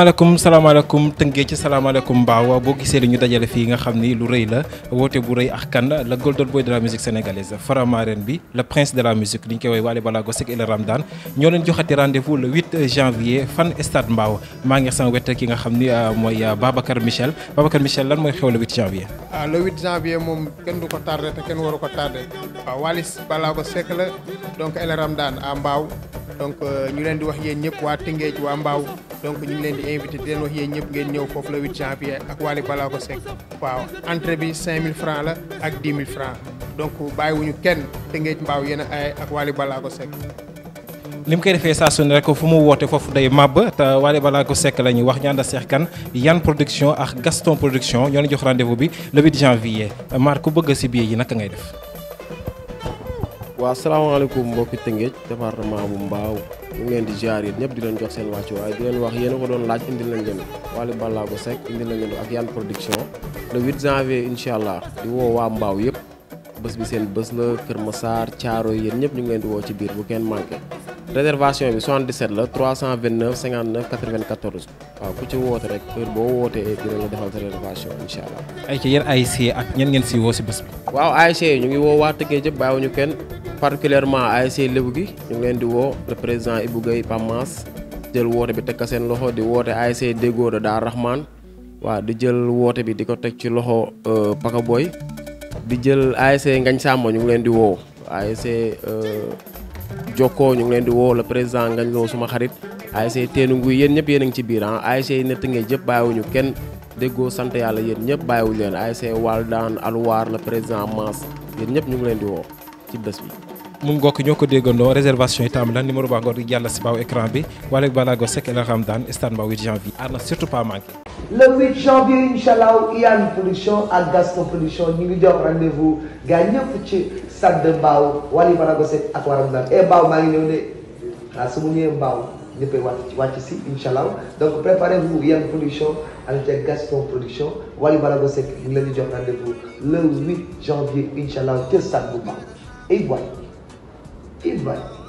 maaleykum salaamaaleykum tënkee ci salaamaaleykum mbaaw boo gisee li ñu dajale fii nga xam ni lu rëy la woote bu rëy ak kan la golden boy de la musique sénégalaise Faramareen bi le prince de la musique li ñu koy woowee Wally Ballago Seck et le Ramdan ñoo leen joxati rendez-vous le janvier fan stade mbaaw maa ngi sama wet ki nga xam ni euh, mooy euh, Babacar Michel Babacar Michel lan mooy xew le 8 janvier. ah le 8 janvier moom kenn du ko tardé te kenn waru ko tardé waaw ah, Wally Ballago ah, mbaaw donc euh, ñu leen di wax yéen ñëpp waa Tëngéej waa Mbaaw donc ñu leen di invité di leen wax yéen ñëpp ngeen ñëw foofu le 8 janvier ak balaa ko Seck waaw entrée bi mille francs la ak 10 000 francs donc bàyyiwuñu kenn Tëngéej Mbaaw yéen a ay ak Wally Ballago Seck li mu koy defee saa su ne rek fu mu woote foofu day màbb te Wally ko Seck la ñuy wax ñu ànd a Seex Kan Yann Production ak Gaston Production ñoo leen jox rendez bi le 8 janvier Mar ku bëgg si billet yi naka ngay def waaw salaamaaleykum mbokki Tëngéej département bu Mbaaw ñu ngi di ziar yéen ñëpp di leen jox seen wàccuwaay di leen wax yéen a ko doon laaj indil nañ leen Wally Ballago Seck indil nañ leen ak Yane Production ñëpp ñu ngi leen di woo ci biir bu kenn manqué réservation bi 77 la 329 59 94 waaw ku ci woote rek heure boo wootee dina la defal sa ak ñen ngeen si woo si bés bi. waaw ASC ñu ngi woo waa Tëngéej yëpp bàyyiwuñu kenn. particulièrement ASC Lébu gi ñu ngi leen di woo le président Ibou Gueye Pamas jël woote bi teg ko seen loxo di woote ASC déggoo da daa Rahman waaw di jël woote bi di ko teg ci loxo euh, Paka Boy di jël ASC Ngañ Sàmba ñu ngi leen di woo ASC euh, Jokko ñu ngi leen di woo la président Ngañ Lo suma xarit ASC Teenu Nguy yéen ñëpp yéen a ngi ci biir ah ASC nett ngeen jëpp bàyyiwuñu kenn déggoo sant yàlla yéen ñëpp bàyyiwuñu leen ASC Waldaan Alwaar le président Mass yéen ñëpp ñu ngi leen di woo ci bés bi mu ngokk ñoo ko déggandoo réservation yi tam la numéro baa ngoor di jàll si baaw écran bi wala balago Seck El Ramdan stade Mbaw 8 janvier aar na surtout pas manqué le stade Mbaaw wala balago Seck ak waa Ramdan e eh, Mbaaw maa ngi ñëw de waaw su mu ñëwee Mbaaw ñëppay wàcc si incha allah donc préparez-vous Yann Production avec Gaston Production wala balago Seck ñu ngi leen di jox rendez-vous le janvier incha allah stade bu Mbaaw It's right.